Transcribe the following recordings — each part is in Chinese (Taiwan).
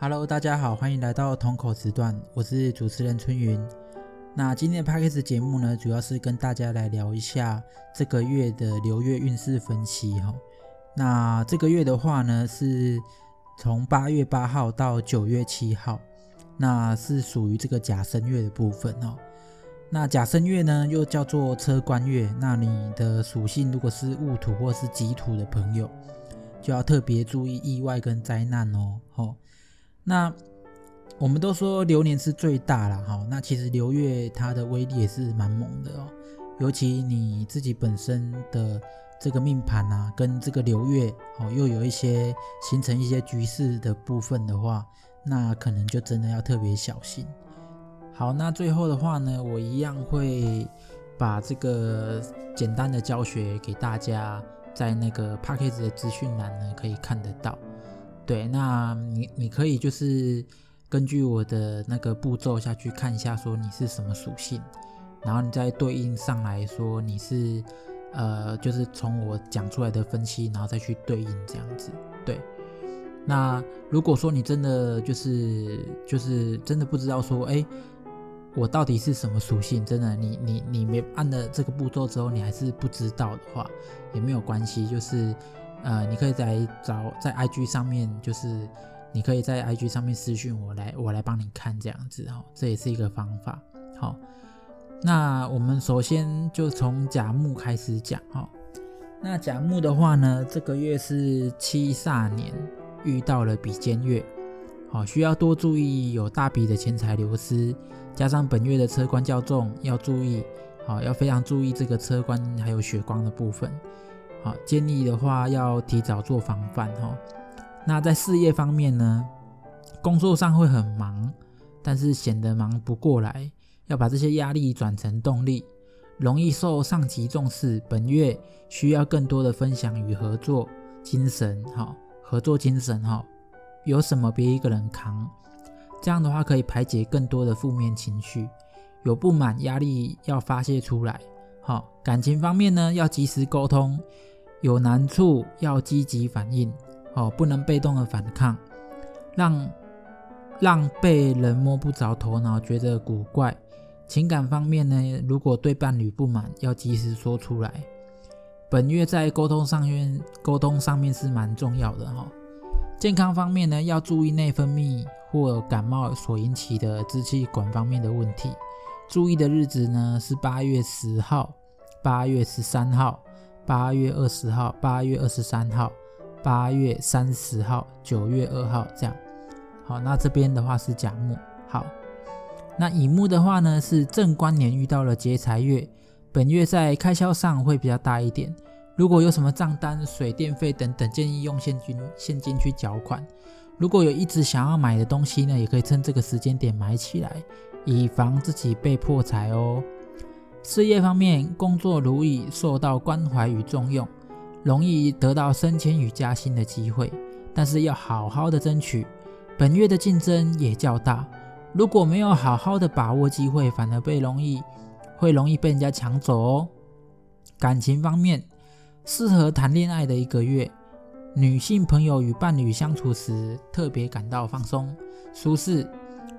Hello，大家好，歡迎來到瞳口時段，我是主持人春雲。那今天的 Podcast 節目呢，主要是跟大家來聊一下這個月的流月運勢分析哈、哦。那這個月的話呢，是從八月八號到九月七號，那是屬於這個甲申月的部分哦。那甲申月呢，又叫做車關月。那你的屬性如果是戊土或是己土的朋友，就要特別注意意外跟災難哦。哦那我們都說流年是最大了哈、哦，那其實流月它的威力也是蠻猛的哦，尤其你自己本身的這個命盤吶、啊，跟這個流月哦，又有一些形成一些局勢的部分的話，那可能就真的要特別小心。好，那最後的話呢，我一樣會把這個簡單的教學給大家，在那個 Podcast 的資訊欄呢可以看得到。對，那你你可以就是根據我的那個步驟下去看一下，說你是什麼屬性，然後你再對應上來說你是呃，就是從我講出來的分析，然後再去對應這樣子。對，那如果說你真的就是就是真的不知道說，哎，我到底是什麼屬性，真的你你你沒按了這個步驟之後，你還是不知道的話，也沒有關係，就是。呃，你可以在找在 IG 上面，就是你可以在 IG 上面私信我來，我來幫你看這樣子哦，這也是一個方法。好、哦，那我們首先就從甲木開始講哈、哦。那甲木的話呢，這個月是七煞年，遇到了比肩月，好、哦，需要多注意有大筆的錢財流失，加上本月的車關較重，要注意，好、哦，要非常注意這個車關還有血光的部分。好，建議的話要提早做防範哈。那在事業方面呢，工作上會很忙，但是顯得忙不過來，要把這些壓力轉成動力。容易受上級重視，本月需要更多的分享與合作精神哈，合作精神哈，有什麼別一個人扛，這樣的話可以排解更多的負面情緒，有不滿壓力要發洩出來。好，感情方面呢，要及時溝通。有難處要積極反應，哦，不能被動的反抗，讓讓被人摸不着頭腦，覺得古怪。情感方面呢，如果對伴侶不滿，要及時說出來。本月在溝通上面，溝通上面是蠻重要的哈。健康方面呢，要注意內分泌或感冒所引起的支氣管方面的問題。注意的日子呢是八月十號、八月十三號。八月二十號、八月二十三號、八月三十號、九月二號這樣。好，那這邊的話是甲木。好，那乙木的話呢是正官年遇到了劫財月，本月在開銷上會比較大一點。如果有什麼賬單、水電費等等，建議用現金現金去繳款。如果有一直想要買的東西呢，也可以趁這個時間點買起來，以防自己被破財哦。事業方面，工作如意，受到關懷與重用，容易得到升遷與加薪的機會，但是要好好的爭取。本月的競爭也較大，如果沒有好好的把握機會，反而被容易會容易被人家搶走哦。感情方面，適合談戀愛的一個月，女性朋友與伴侶相處時特別感到放鬆、舒適，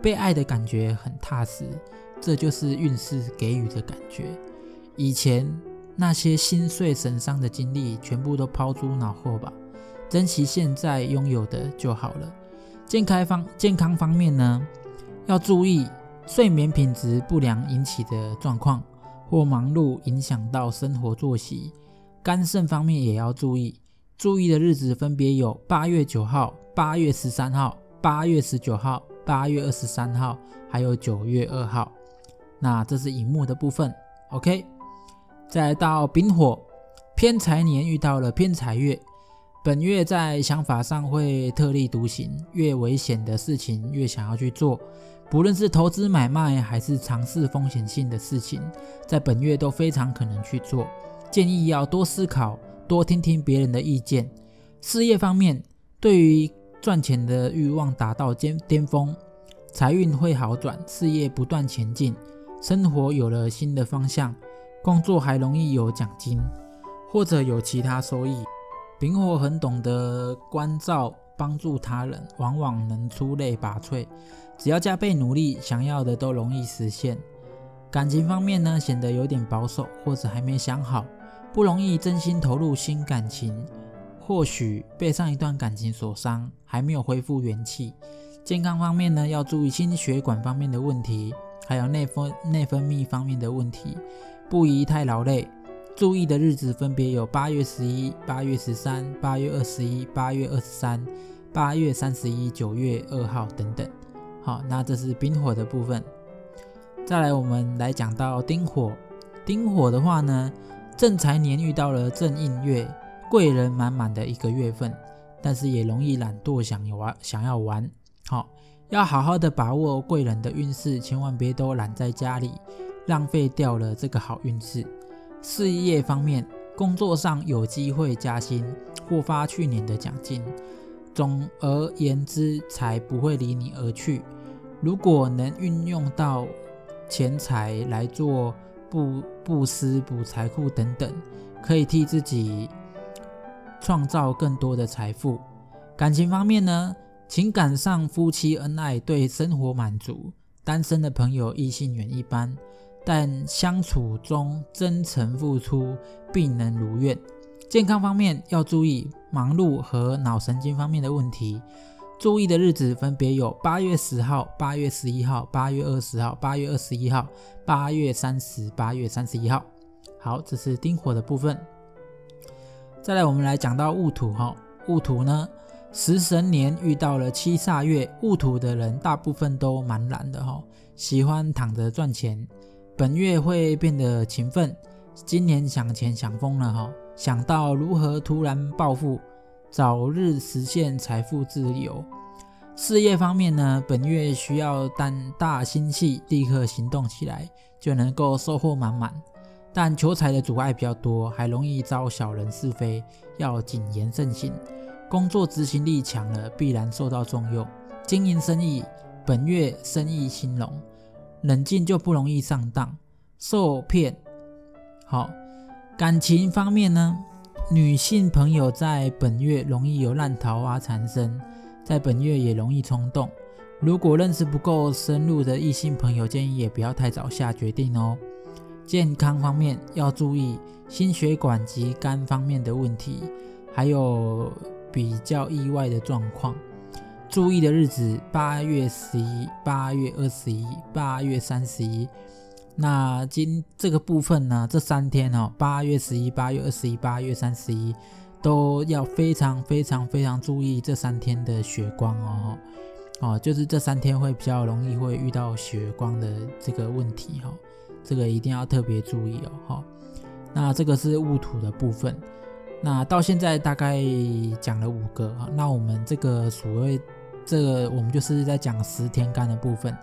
被愛的感覺很踏實。這就是運勢給予的感覺。以前那些心碎神傷的經歷，全部都拋諸腦後吧，珍惜現在擁有的就好了。健康方健康方面呢，要注意睡眠品質不良引起的狀況，或忙碌影響到生活作息。肝腎方面也要注意，注意的日子分別有八月九號、八月十三號、八月十九號、八月二十三號，還有九月二號。那這是熒幕的部分，OK。再到丙火偏財年遇到了偏財月，本月在想法上會特立獨行，越危險的事情越想要去做。不論是投資買賣，還是嘗試風險性的事情，在本月都非常可能去做。建議要多思考，多聽聽別人的意見。事業方面，對於賺錢的慾望達到巔峰，財運會好轉，事業不斷前進。生活有了新的方向，工作還容易有獎金或者有其他收益。丙火很懂得關照、幫助他人，往往能出類拔萃。只要加倍努力，想要的都容易實現。感情方面呢，顯得有點保守，或者還沒想好，不容易真心投入新感情。或許被上一段感情所傷，還沒有恢復元氣。健康方面呢，要注意心血管方面的問題。還有內分泌內分泌方面的問題，不宜太勞累。注意的日子分別有八月十一、八月十三、八月二十一、八月二十三、八月三十一、九月二號等等。好、哦，那這是丙火的部分。再來，我們來講到丁火。丁火的話呢，正財年遇到了正印月，貴人滿滿的一個月份，但是也容易懶惰，想玩，想要玩。好、哦。要好好的把握貴人的運勢，千萬別都懶在家裡，浪費掉了這個好運勢。事業方面，工作上有機會加薪，獲發去年的獎金。總而言之，財不會離你而去。如果能運用到錢財來做布布施、補財庫等等，可以替自己創造更多的財富。感情方面呢？情感上夫妻恩愛，對生活滿足；單身的朋友異性緣一般，但相處中真誠付出並能如願。健康方面要注意忙碌和腦神經方面的問題。注意的日子分別有八月十號、八月十一號、八月二十號、八月二十一號、八月三十、八月三十一號。好，這是丁火的部分。再來，我們來講到戊土哈，戊土呢？食神年遇到了七煞月，戊土的人大部分都蠻懶的哈、哦，喜歡躺着賺錢。本月會變得勤奮，今年想錢想瘋了哈、哦，想到如何突然暴富，早日實現財富自由。事業方面呢，本月需要膽大心細，立刻行動起來，就能夠收穫滿滿。但求財的阻礙比較多，還容易遭小人是非，要謹言慎行。工作執行力強了，必然受到重用。經營生意，本月生意興隆。冷靜就不容易上當受騙。好，感情方面呢，女性朋友在本月容易有爛桃花產生，在本月也容易衝動。如果認識不夠深入的異性朋友，建議也不要太早下決定哦。健康方面要注意心血管及肝方面的問題，還有。比較意外的狀況，注意的日子：八月十一、八月二十一、八月三十一。那今這個部分呢、啊？這三天哦，八月十一、八月二十一、八月三十一，都要非常非常非常注意這三天的血光哦。哦，就是這三天會比較容易會遇到血光的這個問題哦。這個一定要特別注意哦。哦，那這個是戊土的部分。那到現在大概講了五個、啊，那我們這個所謂這個我們就是在講十天干的部分，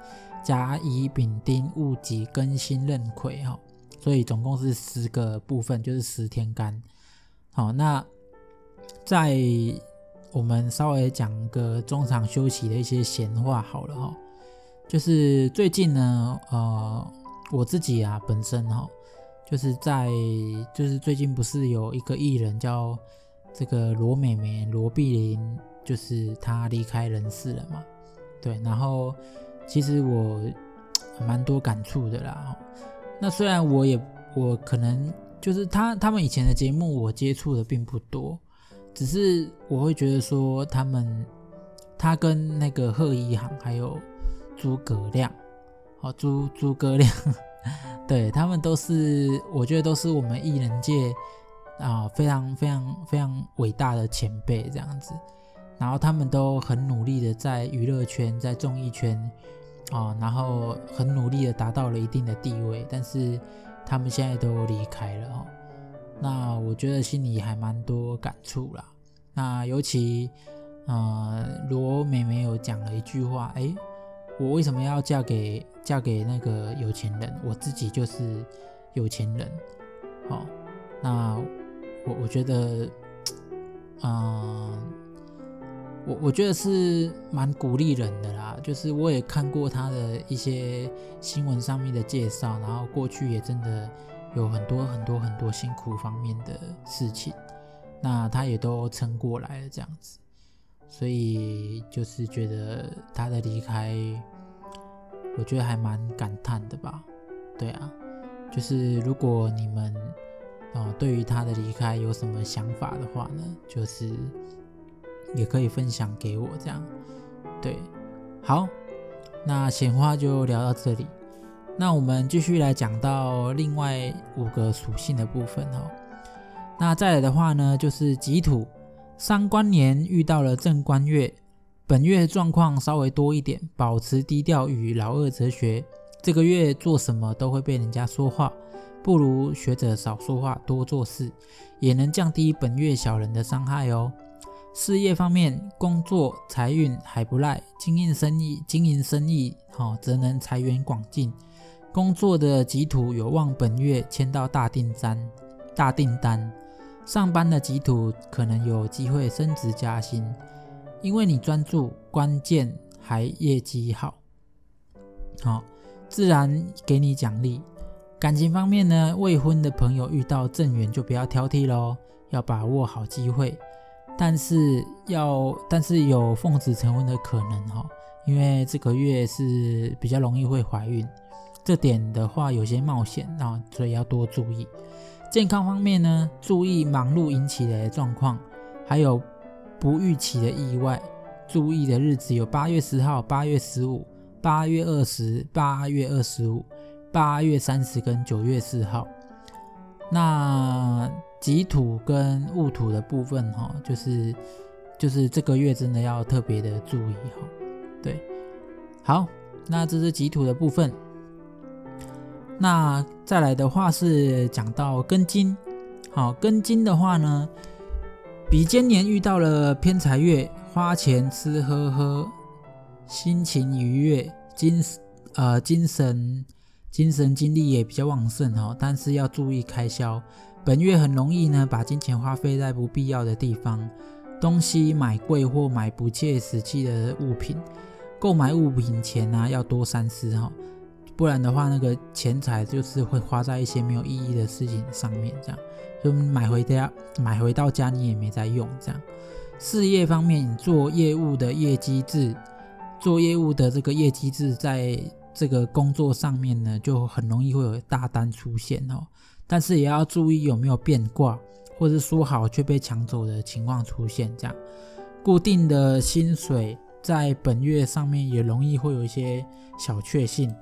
甲乙丙丁戊己庚辛壬癸哈，所以總共是十個部分，就是十天干。好，那在我們稍微講個中場休息的一些閒話好了哈、哦，就是最近呢，呃，我自己啊本身哈、哦。就是在就是最近不是有一個藝人叫這個羅妹妹、妹羅碧琳，就是她離開人世了嘛。對，然後其實我蠻多感觸的啦。那雖然我也我可能就是他他們以前的節目我接觸的並不多，只是我會覺得說他們他跟那個賀一航還有豬哥亮，哦，豬豬哥亮。對，他們都是，我覺得都是我們藝人界啊、呃、非常非常非常偉大的前輩這樣子，然後他們都很努力的在娛樂圈在綜藝圈啊、呃，然後很努力的達到了一定的地位，但是他們現在都離開了，哦、那我覺得心裡還蠻多感觸啦。那尤其啊、呃、羅美美有講了一句話，哎，我為什麼要嫁給？嫁給那個有錢人，我自己就是有錢人。好、哦，那我我覺得，嗯、呃，我我覺得是蠻鼓勵人的啦。就是我也看過他的一些新聞上面的介紹，然後過去也真的有很多很多很多辛苦方面的事情，那他也都撐過來了這樣子。所以就是覺得他的離開。我覺得還蠻感嘆的吧，對啊，就是如果你們啊、哦、對於他的離開有什麼想法的話呢，就是也可以分享給我這樣，對，好，那閒話就聊到這裡，那我們繼續來講到另外五個屬性的部分哦，那再來的話呢，就是己土，傷官年遇到了正官月。本月狀況稍微多一點，保持低調與老二哲學。這個月做什麼都會被人家說話，不如學着少說話，多做事，也能降低本月小人的傷害哦。事業方面，工作財運還不賴，經營生意，經營生意好，哦，則能財源廣進。工作的己土有望本月簽到大訂單，大訂單。上班的己土可能有機會升職加薪。因為你專注，關鍵還業績好，好、哦，自然給你獎勵。感情方面呢，未婚的朋友遇到正緣就不要挑剔嘍，要把握好機會。但是要，但是有奉子成婚的可能哈、哦，因為這個月是比較容易會懷孕，這點的話有些冒險啊、哦，所以要多注意。健康方面呢，注意忙碌引起的狀況，還有。不預期的意外，注意的日子有八月十號、八月十五、八月二十、八月二十五、八月三十跟九月四號。那己土跟戊土的部分、哦，哈，就是就是這個月真的要特別的注意、哦，哈，對，好，那這是己土的部分。那再來的話是講到庚金，好，庚金的話呢，比今年遇到了偏財月，花錢吃喝喝，心情愉悅，精、呃、精神精神精力也比較旺盛哈、哦，但是要注意開銷。本月很容易呢把金錢花費在不必要的地方，東西買貴或買不切實際的物品，購買物品前呢、啊、要多三思哈、哦，不然的話那個錢財就是會花在一些沒有意義的事情上面這樣。就買回家，買回到家你也沒在用，這樣。事業方面，你做業務的業績制，做業務的這個業績制，在這個工作上面呢，就很容易會有大單出現哦。但是也要注意有沒有變卦，或是說好卻被搶走的情況出現。這樣，固定的薪水在本月上面也容易會有一些小確幸。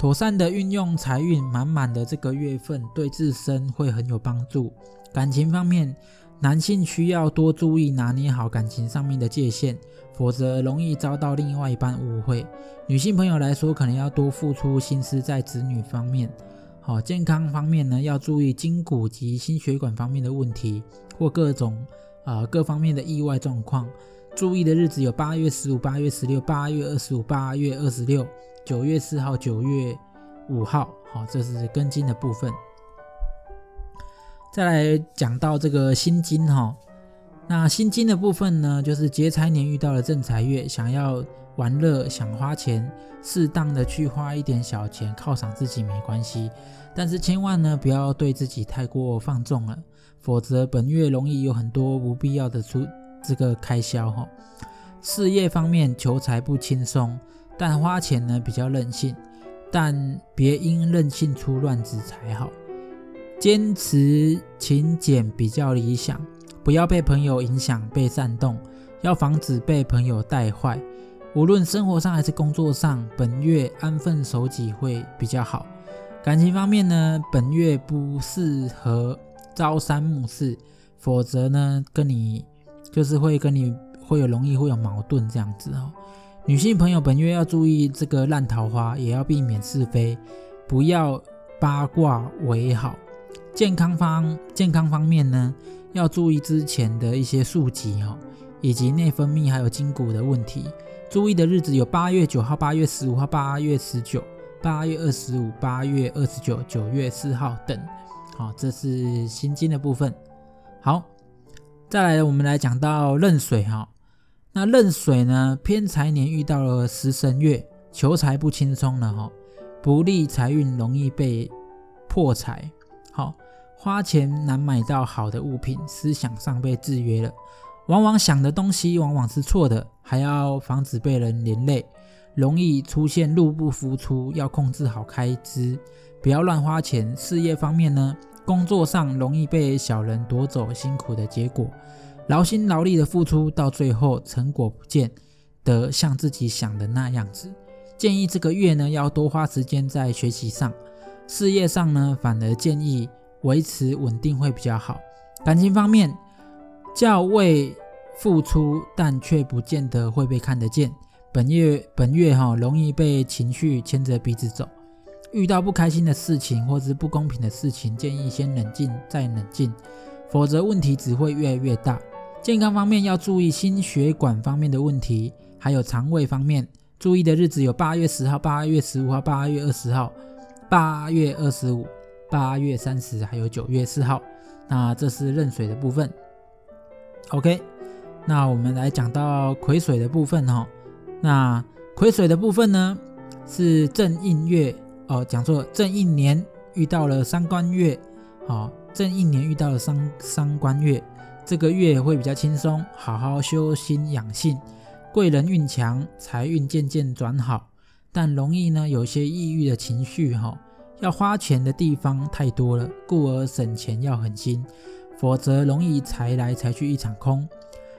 妥善的運用財運滿滿的這個月份，對自身會很有幫助。感情方面，男性需要多注意拿捏好感情上面的界限，否則容易遭到另外一半誤會。女性朋友來說，可能要多付出心思在子女方面。好，健康方面呢，要注意筋骨及心血管方面的問題，或各種啊、呃、各方面的意外狀況。注意的日子有八月十五、八月十六、八月二十五、八月二十六。九月四號、九月五號，好，這是庚金的部分。再來講到這個辛金哈、哦，那辛金的部分呢，就是劫財年遇到了正財月，想要玩樂、想花錢，適當的去花一點小錢犒賞自己沒關係，但是千萬呢不要對自己太過放縱了，否則本月容易有很多不必要的出這個開銷哈、哦。事業方面求財不輕鬆。但花錢呢比較任性，但別因任性出亂子才好。堅持勤儉比較理想，不要被朋友影響、被煽動，要防止被朋友帶壞。無論生活上還是工作上，本月安分守己會比較好。感情方面呢，本月不適合朝三暮四，否則呢跟你就是會跟你會有容易會有矛盾這樣子哦。女性朋友本月要注意這個爛桃花，也要避免是非，不要八卦為好。健康方健康方面呢，要注意之前的一些宿疾哦，以及內分泌還有筋骨的問題。注意的日子有八月九號、八月十五號、八月十九、八月二十五、八月二十九、九月四號等。好、哦，這是辛金的部分。好，再來我們來講到壬水哈、哦。那壬水呢？偏財年遇到了食神月，求財不輕鬆了哈，不利財運，容易被破財。好，花錢難買到好的物品，思想上被制約了，往往想的東西往往是錯的，還要防止被人連累，容易出現入不敷出，要控制好開支，不要亂花錢。事業方面呢，工作上容易被小人奪走辛苦的結果。勞心勞力的付出，到最後成果不見得像自己想的那樣子。建議這個月呢，要多花時間在學習上，事業上呢，反而建議維持穩定會比較好。感情方面較為付出，但卻不見得會被看得見。本月本月哈、哦，容易被情緒牽着鼻子走。遇到不開心的事情或是不公平的事情，建議先冷靜再冷靜，否則問題只會越來越大。健康方面要注意心血管方面的問題，還有腸胃方面。注意的日子有八月十號、八月十五號、八月二十號、八月二十五、八月三十，還有九月四號。那這是壬水的部分。OK，那我們來講到癸水的部分哈、哦。那癸水的部分呢，是正印月哦，講錯了，正印年遇到了傷官月，好、哦，正印年遇到了傷傷官月。這個月會比較輕鬆，好好修心養性，貴人運強，財運漸漸轉好，但容易呢有些抑鬱的情緒吼、哦，要花錢的地方太多了，故而省錢要狠心，否則容易財來財去一場空。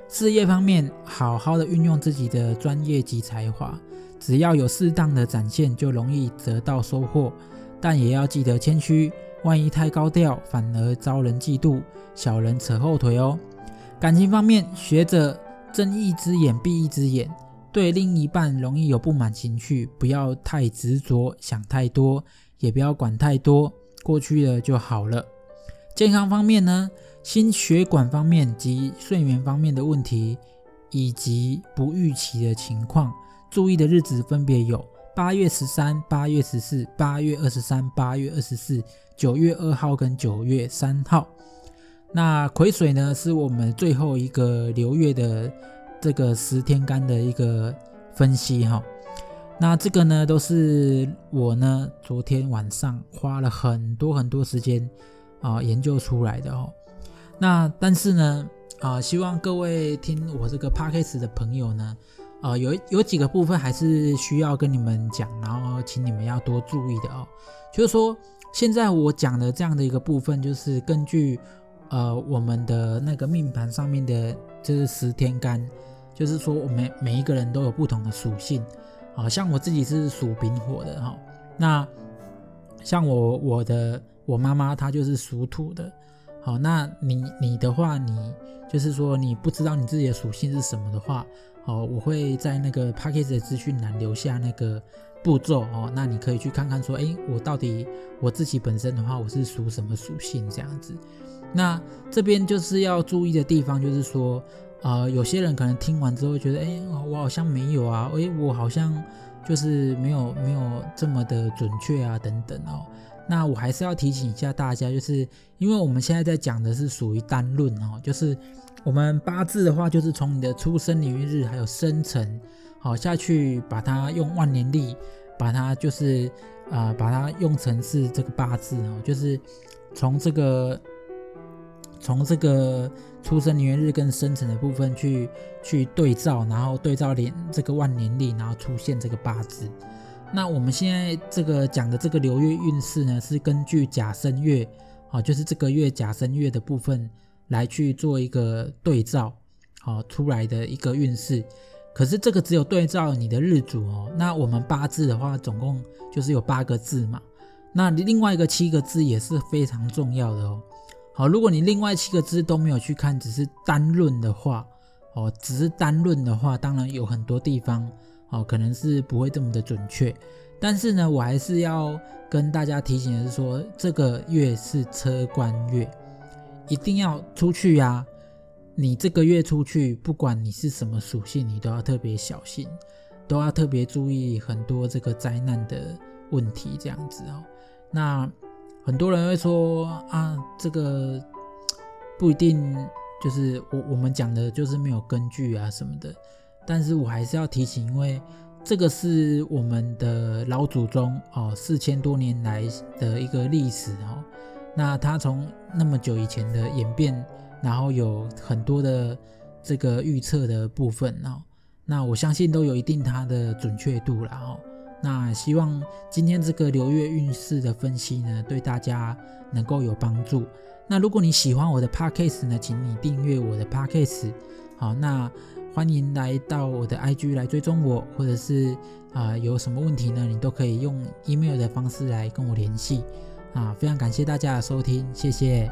事業方面，好好的運用自己的專業及才華，只要有適當的展現，就容易得到收穫，但也要記得謙虛。萬一太高調，反而招人嫉妒，小人扯後腿哦。感情方面，學着睜一只眼閉一只眼，對另一半容易有不滿情緒，不要太執着，想太多，也不要管太多，過去了就好了。健康方面呢，心血管方面及睡眠方面的問題，以及不預期的情況，注意的日子分別有。八月十三、八月十四、八月二十三、八月二十四、九月二號跟九月三號，那癸水呢，是我們最後一個流月的這個十天干的一個分析哈、哦。那這個呢，都是我呢昨天晚上花了很多很多時間啊研究出來的哦，那但是呢，啊、呃，希望各位聽我這個 podcast 的朋友呢。啊、呃，有有幾個部分還是需要跟你們講，然後請你們要多注意的哦。就是說，現在我講的這樣的一個部分，就是根據呃我們的那個命盤上面的，就是十天干，就是說我們每一個人都有不同的屬性。好、呃、像我自己是屬丙火的哈、呃，那像我我的我媽媽她就是屬土的。好、呃，那你你的話你，你就是說你不知道你自己的屬性是什麼的話。好、哦，我會在那個 package 的資訊欄留下那個步驟哦，那你可以去看看，說，哎，我到底我自己本身的話，我是屬什麼屬性這樣子。那這邊就是要注意的地方，就是說，呃，有些人可能聽完之後覺得，哎，我好像沒有啊，哎，我好像就是沒有沒有這麼的準確啊，等等哦。那我還是要提醒一下大家，就是因為我們現在在講的是屬於單論哦，就是。我們八字的話，就是從你的出生年月日還有生辰，好，下去把它用萬年曆，把它就是啊、呃，把它用成是這個八字哦，就是從這個從這個出生年月日跟生辰的部分去去對照，然後對照連這個萬年曆，然後出現這個八字。那我們現在這個講的這個流月運勢呢，是根據甲申月啊，就是這個月甲申月的部分。來去做一個對照，好，出來的一個運勢，可是這個只有對照你的日主哦。那我們八字的話，總共就是有八個字嘛，那另外一個七個字也是非常重要的哦。好，如果你另外七個字都沒有去看，只是單論的話，哦，只是單論的話，當然有很多地方哦，可能是不會這麼的準確。但是呢，我還是要跟大家提醒的是說，這個月是車關月。一定要出去呀、啊！你這個月出去，不管你是什麼屬性，你都要特別小心，都要特別注意很多這個災難的問題，這樣子哦。那很多人會說啊，這個不一定，就是我我們講的就是沒有根據啊什麼的。但是我還是要提醒，因為這個是我們的老祖宗哦，四千多年來的一個歷史哦。那它從那麼久以前的演變，然後有很多的這個預測的部分、哦，那我相信都有一定它的準確度啦、哦，然後那希望今天這個流月運勢的分析呢，對大家能夠有幫助。那如果你喜歡我的 podcast 呢，請你訂閱我的 podcast。好，那歡迎來到我的 IG 來追蹤我，或者是啊、呃、有什麼問題呢，你都可以用 email 的方式來跟我聯繫。啊，非常感謝大家的收聽，謝謝。